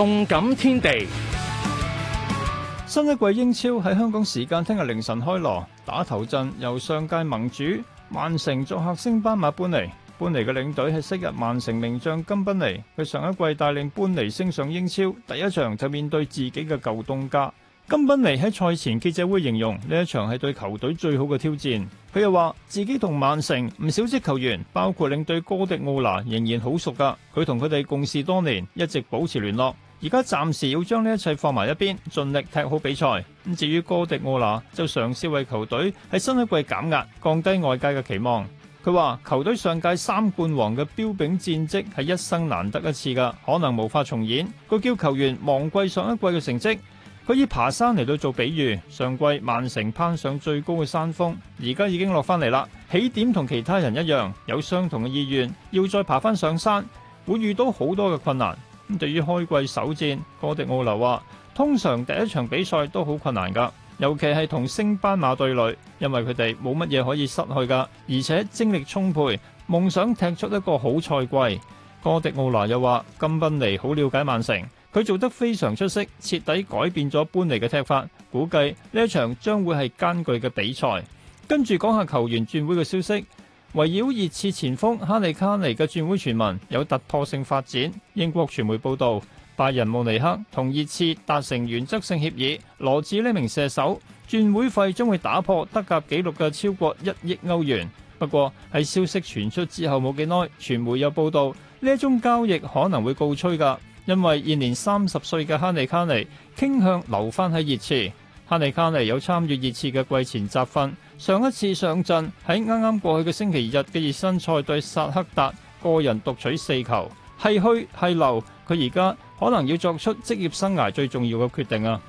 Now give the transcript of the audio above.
動感天地，新一季英超喺香港時間聽日凌晨開鑼，打頭陣由上屆盟主曼城作客升班馬般尼，般尼嘅領隊係昔日曼城名將甘賓尼。佢上一季帶領般尼升上英超，第一場就面對自己嘅舊東家。甘賓尼喺賽前記者會形容呢一場係對球隊最好嘅挑戰。佢又話自己同曼城唔少職球員，包括領隊哥迪奧拿，仍然好熟㗎。佢同佢哋共事多年，一直保持聯絡。而家暫時要將呢一切放埋一邊，盡力踢好比賽。咁至於哥迪奧拿就嘗試為球隊喺新一季減壓，降低外界嘅期望。佢話：球隊上屆三冠王嘅標炳戰績係一生難得一次㗎，可能無法重演。佢叫球員忘記上一季嘅成績。佢以爬山嚟到做比喻，上季曼城攀上最高嘅山峰，而家已經落翻嚟啦。起點同其他人一樣，有相同嘅意願，要再爬翻上山，會遇到好多嘅困難。對於開季首戰，哥迪奧拿話：通常第一場比賽都好困難㗎，尤其係同升班馬對壘，因為佢哋冇乜嘢可以失去㗎，而且精力充沛，夢想踢出一個好賽季。哥迪奧拿又話：金賓尼好了解曼城，佢做得非常出色，徹底改變咗班尼嘅踢法，估計呢一場將會係艱巨嘅比賽。跟住講下球員轉會嘅消息。圍繞熱刺前鋒哈利卡尼嘅轉會傳聞有突破性發展，英國傳媒報道，拜仁慕尼黑同熱刺達成原則性協議，羅致呢名射手，轉會費將會打破德甲紀錄嘅超過一億歐元。不過喺消息傳出之後冇幾耐，傳媒有報道呢一宗交易可能會告吹噶，因為現年三十歲嘅哈利卡尼傾向留返喺熱刺。哈利卡尼有參與熱刺嘅季前集訓。上一次上陣喺啱啱過去嘅星期日嘅熱身賽對薩克達，個人獨取四球，係虛係流，佢而家可能要作出職業生涯最重要嘅決定啊！